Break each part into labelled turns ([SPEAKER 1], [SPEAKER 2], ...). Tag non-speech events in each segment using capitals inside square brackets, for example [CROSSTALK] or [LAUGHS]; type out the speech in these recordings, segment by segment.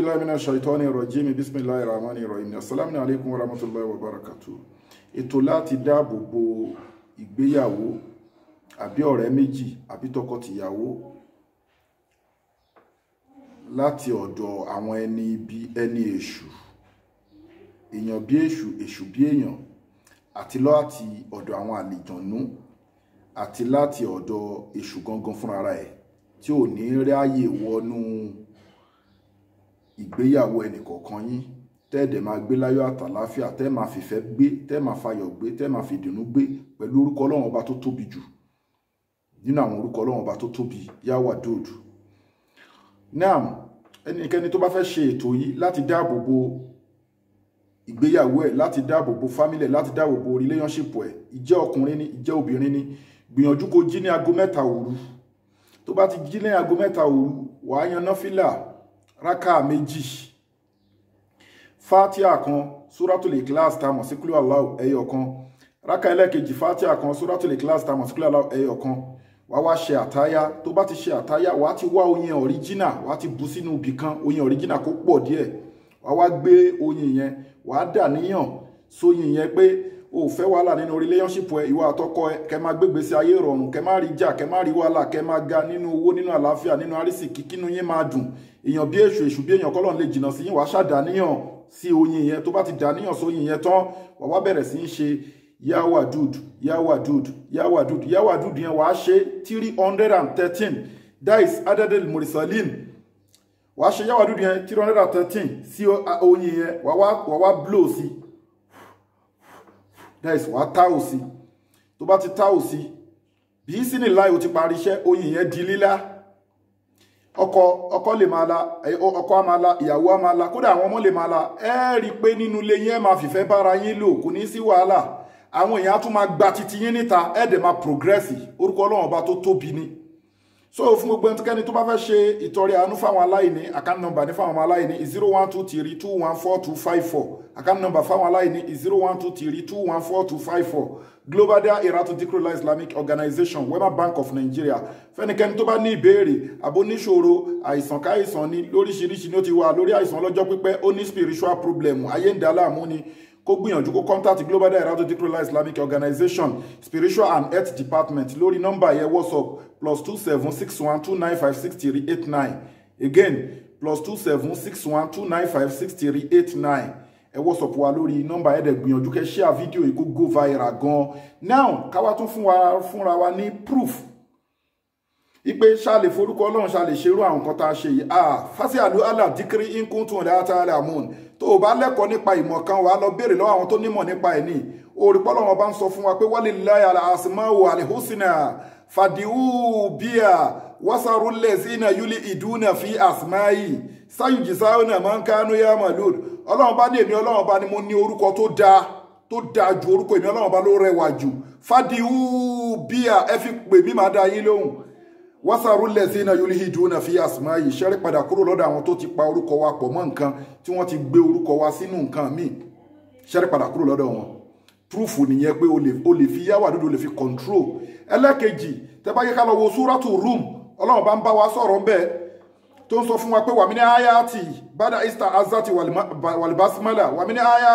[SPEAKER 1] بالله من الشيطان الرجيم بسم الله الرحمن الرحيم السلام عليكم ورحمة الله وبركاته ètò láti dáàbò bo ìgbéyàwó àbí ọ̀rẹ́ méjì àbí tọkọtìyàwó láti ọ̀dọ̀ àwọn ẹni ibi ẹni èṣù èèyàn bí èṣù èṣù bí èèyàn àti láti ọ̀dọ̀ àwọn àlìjọ̀nú àti láti ọ̀dọ̀ èṣù gangan fúnra rẹ̀ tí ò ní ráyè wọnú. No ìgbéyàwó ẹnìkọ̀ọ̀kan yín tẹ́ẹ̀dẹ̀ máa gbé láyọ̀ àtàláfíà tẹ́ẹ̀ máa fìfẹ́ gbé tẹ́ẹ̀ máa fayọ̀ gbé tẹ́ẹ̀ máa fìdùnnú gbé pẹ̀lú orúkọ ọlọ́run ọba tó tóbi jù nínú àwọn orúkọ ọlọ́run ọba tó tóbi yáwà dòdù. nam ẹnikẹ́ni tó bá fẹ́ ṣe ètò yìí láti dáàbò bo ìgbéyàwó ẹ̀ láti dáàbò bo family láti dáàbò bo relationship ẹ̀ ìjẹ́ ọkùnrin ni ìjẹ́ obìnrin ni gbìyànjú kó jí ní aago mẹ́ta òru tó bá ti jí ní aago mẹ́ta òru wàá yan náfìlà rákà méjì fatia kan suratul ikhlas tá a mọ̀ sí kúlú aláwọ̀ ẹyọ kan rákà ẹlẹ́ẹ̀kejì fatia kan suratul ikhlas tá a mọ̀ sí kúlú aláwọ̀ ẹyọ kan wa wá ṣe àtáyá tó bá ti ṣe àtáyá Wa ti wa oyin ọ̀ríjínà wà á ti bù sínú ibì kan oyin ọ̀ríjínà kó pọ̀ díẹ̀ wà wá gbé oyin yẹn wà á dà níyàn sóyin yẹn pé o fẹ́ wàhálà nínú relationship ẹ ìwà àtọkọ ẹ kẹ máa gbégbé sí ayé ìrọ̀rùn kẹ máa rí jà kẹ máa rí wàhálà kẹ máa ga nínú owó nínú àlàáfíà nínú àrísìkí kínú yín máa dùn èèyàn bí èṣù èṣù bí èèyàn kọ́lọ́n lè jìnnà sí yín wàá ṣàdáníyàn sí oyin yẹn tó bá ti dáníyàn sóyin yẹn tán wàá wá bẹ̀rẹ̀ sí í ṣe yáwà dùd yáwà dùd yáwà dùd yáwà dùd yẹn wàá ṣe three hundred and thirteen dais adadel murisalin wàá ṣe yáwà dùd yẹn three hundred and thirteen sí oyin yẹn wàá wá blow sí dais wàá tá òsì tó bá ti tá òsì bí sínú láì ó ti parí iṣẹ́ oyin yẹn di lílá ọkọ ọkọ lè máa la ọkọ á máa la ìyàwó á máa la kódà àwọn ọmọ lè máa la ẹ rí i pé nínú ilé yín ẹ máa fìfẹ́ bára yín lò kò ní sí wàhálà àwọn èèyàn á tún máa gba titi yín níta ẹ dẹ̀ máa progress orúkọ ọlọ́run ọba tó tóbi ni so fún gbogbo ẹnikẹ́ni tó bá fẹ́ ṣe ìtọrẹ àánú fáwọn aláìní account number ní fáwọn aláìní zero one two three two one four two five four account number fáwọn aláìní zero one two three two one four two five four Global Dahiratu Dhikrlahi Islamic Organization Wema Bank of Nigeria fẹ́nikẹ́ni tó bá ní ìbéèrè àbó níṣòro àìsàn káìsàn ni lóríṣiríṣi ni ó ti wà lórí àìsàn ọlọ́jọ́ pípẹ́ ó ní spiritual problem ayé ń dá láàmú ni kó gbìyànjú kó contact global dahiratu dhikrlahi islamic organization spiritual and health department lórí nọ́mbà yẹn whatsapp plus two seven six one two nine five six three eight nine again plus two seven six one two nine five six three eight nine ẹ wọ́sọ̀pù wa lórí nọ́mbà ẹ̀ẹ́dẹ̀ gbìyànjú kẹ́ ṣíà fídíò yìí kó go viral gan-an now káwá tún fúnra wa ní proof ipe ṣàlè forúkọ ọlọ́run ṣàlè ṣerú àwọn nǹkan tá a ṣe yìí ah fásíàlú allah dikiri inkun tún ọ̀dà àtàlẹ́ àmúhùn tó o bá lẹ́kọ̀ọ́ nípa ìmọ̀ kan wàá lọ béèrè lọ́wọ́ àwọn tó nímọ̀ nípa ẹ̀ ní òrìpọ́lọ́ wọn bá ń sọ fún wa pé wálé láyà àsìmáwò àlehùsìnà fàdíhù bíà wásàrú lẹ́sìnà yúlí ìdúnà fi àsìmáyì sáyùjì sáyùnà máa ń kánú yá màlúù ọlọ́run bá ní èmi ọlọ́run bá ní mo ní orúkọ tó dáa tó dáa ju orúkọ èmi ọlọ́run bá ló rẹwà jù fàdíhù bíà ẹ fi pè mí màá dá yín lóhùn wọ́sàrú lẹ́sìn náà yóò híjú náà fi àsùnmọ́ yìí ṣẹ́rí padà kúrò lọ́dọ̀ àwọn tó ti pa orúkọ wa pọ̀ mọ́ nǹkan tí wọ́n ti gbé orúkọ wa sínú nǹkan míì ṣẹ́rí padà kúrò lọ́dọ̀ wọn túrùfù nìyẹn pé o lè fi yáwà dúdú o lè fi kọ̀ǹtró ẹlẹ́kejì tẹ́ bá yẹ ká lọ wo súrátù rúùmù ọlọ́run bá ń bá wa sọ̀rọ̀ ń bẹ́ẹ̀ tó ń sọ fún wa pé wàmí ní áyá bada ista azati wàlìbásímọ́là wàmí ní áyá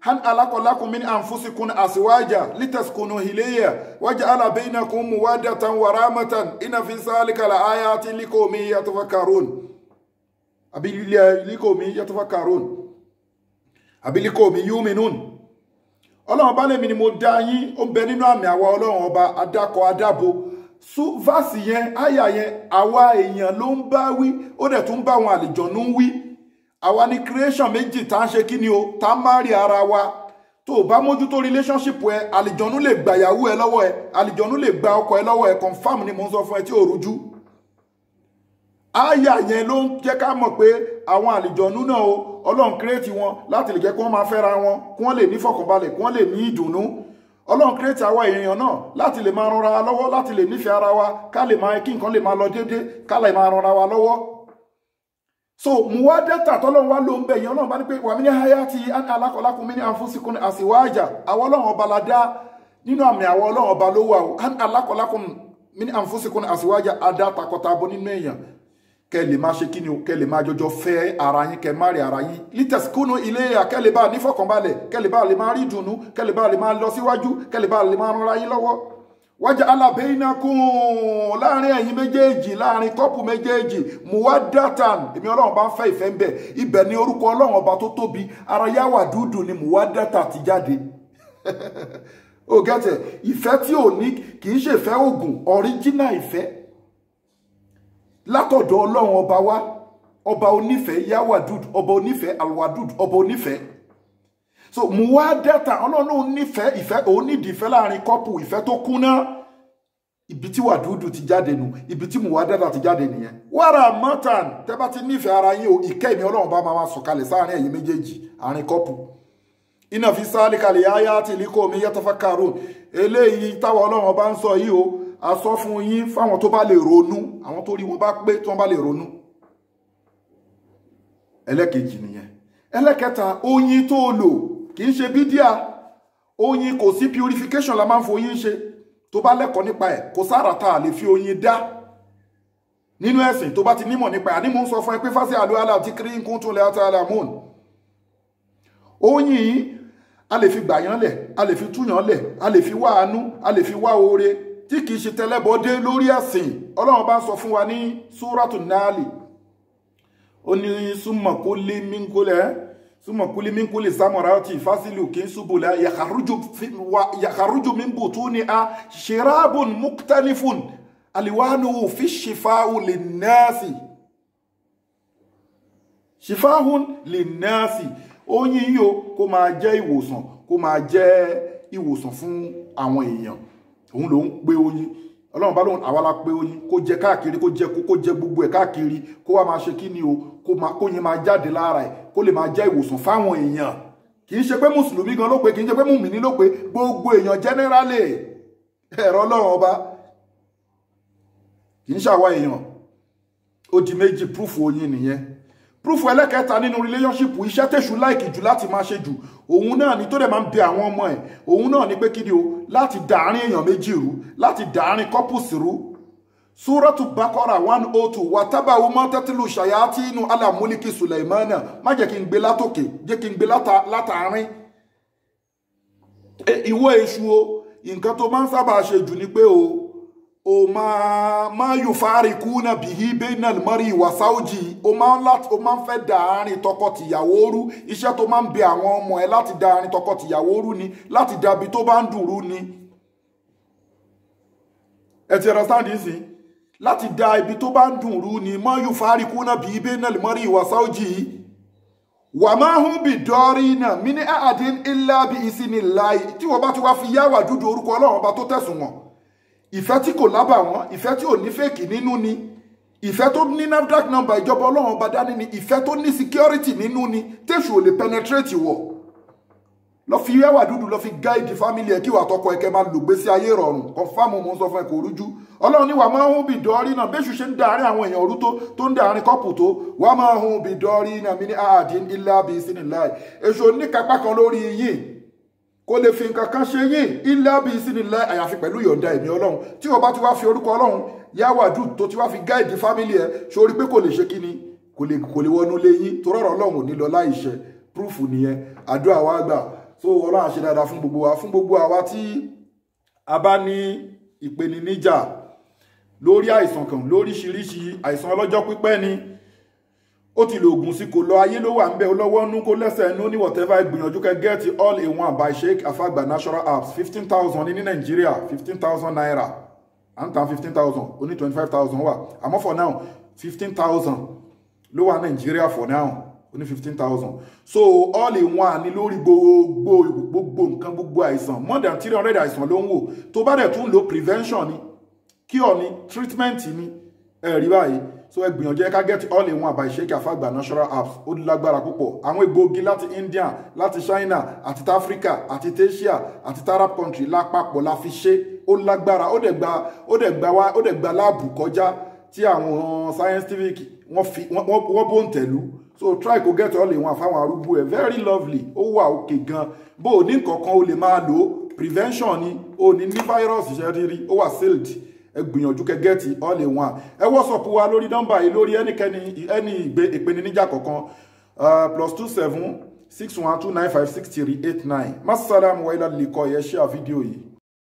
[SPEAKER 1] han alakọlakun min anfusikun asiwaja litaskunu hileya waja'ala bainakum muwaddatan wa rahmatan ina fi zalika la ayati likomi ya abi likomi yatafakarun abi likomi yuminun ọlọ́run bá lèmi ni mo dá yín ó bẹ nínú àmì àwa ọlọ́run ọba adakọ adábo sú fásì yẹn àyà yẹn àwa èèyàn ló ń bá wí ó dẹ̀ tún bá àwọn àlejò ń wí àwa ni creation méjì tá à ṣe kí ni o tá à ń má rí ara wa tó o bá mójútó relationship ẹ àlìjọ́nú lè gba ìyàwó ẹ lọ́wọ́ ẹ àlìjọ́nú lè gba ọkọ ẹ lọ́wọ́ ẹ confam ni mo ń sọ fún ẹ tí ò rújú àyà yẹn ló ń jẹ́ ká mọ̀ pé àwọn àlìjọ̀nú náà o ọlọ́run kírètì wọn láti lè jẹ́ kí wọ́n máa fẹ́ra wọn kí wọ́n lè ní fọkànbalẹ̀ kí wọ́n lè ní ìdùnnú ọlọ́run kírètì àwa èèyàn náà láti lè máa ranra wa lọ́wọ́ láti lè nífẹ̀ẹ́ ara wa ká lè máa kí nǹkan lè máa lọ déédéé ká lè máa ranra wa lọ́wọ́ so mo wá dẹ́ta tọ́lọ́run wá ló ń bẹ̀ yẹn ọlọ́run bá ní pé wà mí ní háyá ti alákọ̀ọ́lákùn mi ní àfúnṣikún àsìwájà àwọn ọlọ́run ọba la dá nínú àmì àwọn ọlọ́run ọba ló wà ó alákọ̀ọ́lákùn mi ní àfúnṣikún àsìwájà adá takọtabo nínú èèyàn kẹ lè máa ṣe kí ni o kẹ lè máa jọjọ fẹ́ ara yín kẹ má rí ara yín lítẹsíkúnú ilé yà kẹ lè bá nífọ̀kànbalẹ̀ kẹ lè bá lè máa rí ìdùnnú kẹ lè bá lè máa lọ síwájú kẹ lè bá lè máa rọra yín lọ́wọ́ wájà alábẹ́yìnákùn láàrin ẹ̀yin méjèèjì láàrin kọ́pù méjèèjì muwadatan èmi ọlọ́run bá ń fẹ́ ìfẹ́ ń bẹ̀ ibẹ̀ ni orúkọ ọlọ́run ọba tó tóbi ara yáwà dúdú ni muwadata ti jáde [LAUGHS] o gẹ́tẹ̀ ìfẹ́ tí ò ní kì í ṣèfẹ́ oògùn ọ̀ríjínà ìfẹ́ látọ̀dọ̀ ọlọ́run ọba wa ọba onífẹ́ yáwà dúdú ọba onífẹ́ alwadud ọba onífẹ́ so mo wá dẹ́ta ọlọ́run òun nífẹ̀ẹ́ ìfẹ́ òun nídìí ìfẹ́ láàrin kọ́pù ìfẹ́ tó kúnná ibi tí wàdúdù ti jáde nù ibi tí mo wá dẹ́ta ti jáde nìyẹn wàrà mọ́tàn tẹ́ bá ti nífẹ̀ẹ́ ara yín o ìkẹ́ mi ọlọ́run bá máa sọ̀kalẹ̀ sáàrin ẹ̀yin méjèèjì àárín kọ́pù iná fi sáálì kalẹ̀ yáyá àti ìlíkò omi yẹ́tọ́fà karol eléyìí táwọn ọlọ́run bá ń sọ yìí o a fún yín fáwọn tó bá lè ronú àwọn tó rí wọn bá pé tí wọ́n bá lè ronú ẹlẹ́kejì nìyẹn ẹlẹ́kẹta oyin tó lò kì í ṣe bídíà oyin kò sí purification la máa ń foyin ṣe tó bá lẹ́kọ̀ọ́ nípa ẹ̀ kò sára tá a lè fi oyin dá nínú ẹ̀sìn tó bá ti nímọ̀ nípa ẹ̀ ànímọ̀ ń sọ fún ẹ pé fásitì àlùhálà àti kírín kún tún lẹ́ àtàlà moon oyin yìí a lè fi gbàyàn lẹ̀ a lè fi túyàn lẹ̀ a lè fi wá àánú a lè fi wá oore tí kì í ṣe tẹlẹ́bọdé lórí ẹ̀sìn ọlọ́run bá ń sọ fún wa ní súrọ́tù náàlì ó ní súnmọ̀ kó lé mí ń kó lẹ́ẹ́ ثم كل من كل الثمرات فاصل سبلا يخرج يخرج من بطونها شراب مختلف ألوانه في الشفاء للناس شفاء للناس oyin yìí o kó máa jẹ́ ìwòsàn kó máa jẹ́ ìwòsàn fún àwọn èèyàn òun ló ń pe oyin ọlọ́run bá lóun àwa la pé oyin kó jẹ káàkiri kó jẹ kó jẹ gbogbo ẹ̀ káàkiri kó wá máa ṣe kí ni o kó yin máa jáde lára ẹ̀ kó lè máa jẹ́ ìwòsàn fáwọn èèyàn kì í ṣe pé mùsùlùmí gan ló pé kì í ṣe pé mùmíní ló pé gbogbo èèyàn jẹ́nẹ́rálì ẹ̀rọ ọlọ́run ọba kì í ṣàwa èèyàn ó di méjì púrúfù oyin nìyẹn proof ẹlẹ́kẹta nínú relationship iṣẹ́ tèṣù láìkì jù láti máa ṣe jù òun náà ni tó dẹ̀ máa ń bẹ àwọn ọmọ ẹ̀ òun náà ni pé kí ni o láti dàárín èèyàn méjì rú láti dàárín couples rú súrọ́tù bákọ́rà one oh two wàtábà ọmọ tẹ́tìlù ṣàyàtì inú alamúlíkì sùlẹ̀mánà má jẹ́ kí n gbé látòkè jẹ́ kí n gbé látàárín ìwọ èṣù o nǹkan tó máa ń sábà ṣe jù ni pé o o ma ma yóò fárí kú náà bí i bẹ́ẹ̀nà o ma ń o ma ń fẹ́ da àárín tọkọ-tìyàwó rú iṣẹ́ tó máa ń bẹ àwọn ọmọ ẹ láti da ni Lati da ibi tó bá ni ẹ ti understand láti da ibi tó bá ń dùn rú ni máa yóò fárí kú náà bí i bẹ́ẹ̀nà mọ́rí ìwà sáújì yìí wà máa hún bí dọ́rí náà mí ní àdín ńlá bí ìsinmi láì tí wọ́n bá ti wá fi yáwà dúdú orúkọ ọlọ́run ọba tó tẹ̀sùn wọn ìfẹ́ tí kò lábàwọ́n ìfẹ́ tí ò ní fèkì nínú ni ìfẹ́ tó ní NAFDAC nọ́mbà ìjọba ọlọ́run ọba dání ni ìfẹ́ tó ní security nínú ni tẹ̀sù ò lè penetrate wọ̀ lọ fi ẹwà dúdú lọ fi gáìdì fámìlì ẹ kí wàá tọkọ ẹkẹ máa lò gbèsè ayé rọrùn confam mo ń sọ fún ẹ kò rújú ọlọ́run ní wàá máa ń hun bí dọrí náà bẹṣù ṣe ń dàárín àwọn èèyàn òru tó tó ń dàárín kọpù tó wàá máa hun bí dọrí náà mi ní àádín ilá bíi sínú láì èso oníkápá kan lórí yìí kò lè fi nǹkan kan ṣe yín ilé àbí ìsìnilẹ àyàfi pẹ̀lú ìyọ̀ǹda ẹ̀mí ọlọ́run tí o bá ti wá fi orúkọ ọlọ́run yáwàdù tó ti wá fi gáìdì fámìlì ẹ sórí pé kò lè ṣe kíni kò lè kò lè wọnú lé yín tó rọrọ ọlọ́run ò ní lọ láì ṣe púrúfù nìyẹn àdúrà wa gbà so ọlọ́run àṣẹ dáadáa fún gbogbo wa fún gbogbo àwa tí a bá ní ìpèníjà lórí àìsàn kan lóríṣiríṣi àìsàn ọlọ́jọ́ pípẹ́ ni ó ti lo oògùn sí kò lọ ayé ló wà ń bẹ olówó nú kó lẹ́sẹ̀ nú ní whatever ìgbìyànjú kẹ gẹ́ẹ̀tì all in one by sheik afagba national apps fifteen thousand ní nàìjíríà fifteen thousand naira à ń tan fifteen thousand ó ní twenty five thousand wà àmọ́ for now fifteen thousand ló wà nàìjíríà for now ó ní fifteen thousand so all in one ni lórí gbogbo gbogbo nǹkan gbogbo àìsàn more than three hundred àìsàn ló ń wò tó bá dẹ̀ tún lo prevention ni cure ni treatment ni ẹ̀rí báyìí so ẹ gbìyànjú ẹ get all in one by Sheikh Afagba natural apps ó lágbára púpọ̀ àwọn egbòogi láti India láti China àti Africa, àti Asia, àti Arab country lápapọ̀ la fi ṣe ó lágbára ó dẹ̀ gba ó dẹ̀ gba wá ó dẹ̀ gba láàbù kọjá tí àwọn scientific wọ́n fi wọ́n bó ń so try kó get all in one fáwọn arúgbó ẹ̀ very lovely ó wà òkè gan bó o ní nǹkan kan o lè máa lò prevention ni o ní ní virus ṣe rírí ó wà sealed ẹ gbìyànjú kẹ gẹ́ẹ̀tì all in one ẹ wọ́sọ̀pù wa lórí nọ́mbà yìí lórí ẹnikẹ́ni ẹni ìgbé ìpèníjà kọ̀ọ̀kan uh, plus two seven six one two nine five six three eight nine masalam wa ilà lè kọ́ ẹ̀ ṣe à fídíò yìí.